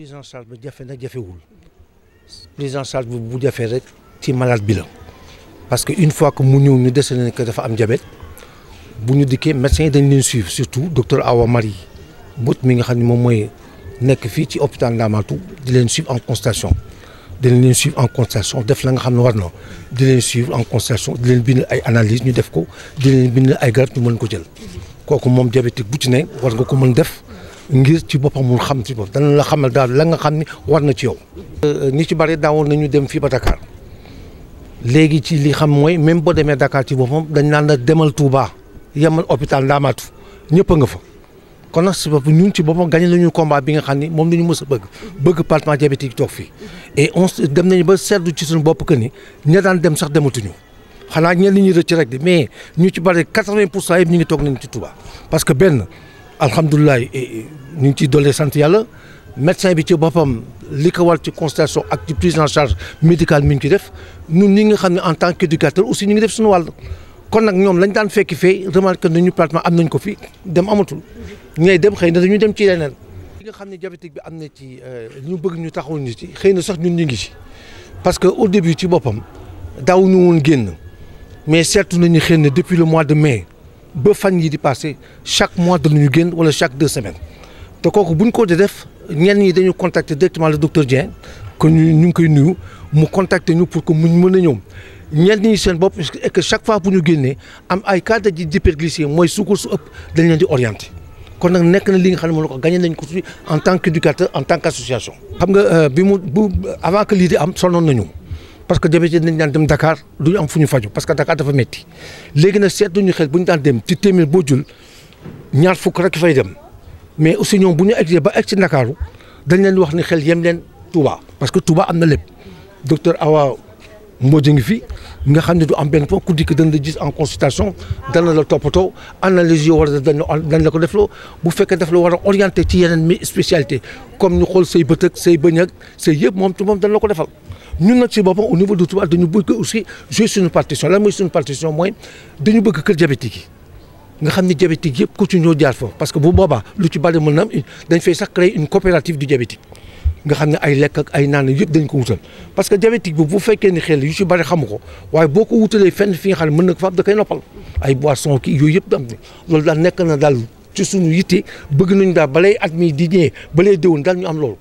prise en charge ba jafe na jafewul prise en charge bu jafee rek ci malade bi la parce que une fois que mu ñëw ñu dese ne que dafa am diabète bu ñu dikkee médecin yi dañ leen suivre surtout docteur Awa Marie Mbodj mi nga xam ne moom mooy nekk fii ci hôpital Ndamatou di leen suivre en consultation dinañ leen suivre en consultation def la nga xam ne war na di leen suivre en consultation di bi bind ay analyse ñu def ko di leen bind ay garab ñu mën ko jël ngir ci boppam mu xam ci bopp dana la xamal daal la xam ni war na ci yow. Euh, ñi ci bari daawoon nañu dem fii ba Dakar léegi ci lii xam mooy même boo demee Dakar ci boppam dañ naan la demal Touba yemal hôpital Ndaamaatu ñëpp a nga fa. kon nag si bopp ñun ci boppam gagné nañu combat bi nga xam ni moom la ñu mës a bëgg bëgg parlement diabétique toog fii et on dem nañu ba seetlu ci suñu bopp que ni ña daan dem sax dematuñu. xanaa ñenn ñi rëcc rek de mais ñu ci bari 80 pour cent yëpp ñu ngi toog nañu ci Touba parce que benn. alhamdulilah eh, eh, ñu ngi ciy dolli sant yàlla médecin bi ci boppam li ko war ci constatation ak ci prise en charge médicale mi ngi ci def ñun ni nga xam ne en tant qu'éducateur aussi ñu ngi def suñu wàll kon nag ñoom lañ daan fekki fee remarque nañu pratiquement am nañ ko fi dem amatul ñooy dem xëy na dañuy dem ci leneen. li nga xam ne diabétique bi am na ci euh, ñu bëgg ñu taxawul ñu ci xëy na sax ñun ñu ngi ci parce que au début ci boppam daw ñu woon génn mais seetlu nañu xëy na depuis le mois de mai. ba fan yi di passé chaque mois danañu génn wala chaque deux semaines te kooku buñ koo di def ñi dañu contacter directement le docteur Dieng que ñu ñu ngi koy nuyu mu contacter ñu pour que muñ mën a ñëw ñenn ñi seen bopp et que chaque fois bu ñu génnee am ay cas de hyperglycémie mooy su su ëpp dañ leen di orienter kon nag nekk na li nga xam ne moom la ko gagné nañ ko en tant qu'éducateur en tant qu'association. xam nga euh, bi mu bu avant que lii di am sonnoon nañu. parce que d'habitude nañ daan dem Dakar du ñu am fu ñu faju parce que Dakar dafa métti léegi nag seetlu ñu xel bu ñu daan dem ci téeméer boo jul ñaar fukk rek fay dem mais aussi ñoom bu ñu eggee ba egg ci Ndakaaru dañ leen wax ni xel yem leen Touba parce que Touba am na lépp docteur Awa moo ngi fi nga xam ne du am benn po ku dikk dana la gis en consultation dana la toppatoo analyse yoo war a dañ la ko defloo bu fekkee daf la war a ci yeneen mi spécialité comme ñu xool say bët ak say bëñ say yëpp moom moom dañ la ko defal ñun nag si boppam au niveau de Touba dañu bëgg aussi jouer suñu partition la mooy suñu partition mooy dañu bëgg kër diabétique yi nga xam ni diabétique yëpp ku ci ñoo jaar foofu parce que bu boobaa lu ci bari mën na dañ fay sax créer coopérative du diabétique nga xam ne ay lekk ay naana yëpp dañ ko wutal parce que diabétique bi bu fekkee ni xel yu ci bari xamu ko waaye boo ko wutalee fenn fi nga xam ne mën na ko fa da koy noppal ay boisson kii yooyu yëpp dam loolu daal nekka na daal ci suñu yitte bëgg nañu daal balay at mi di ñëwee balay déwén daal ñu am loolu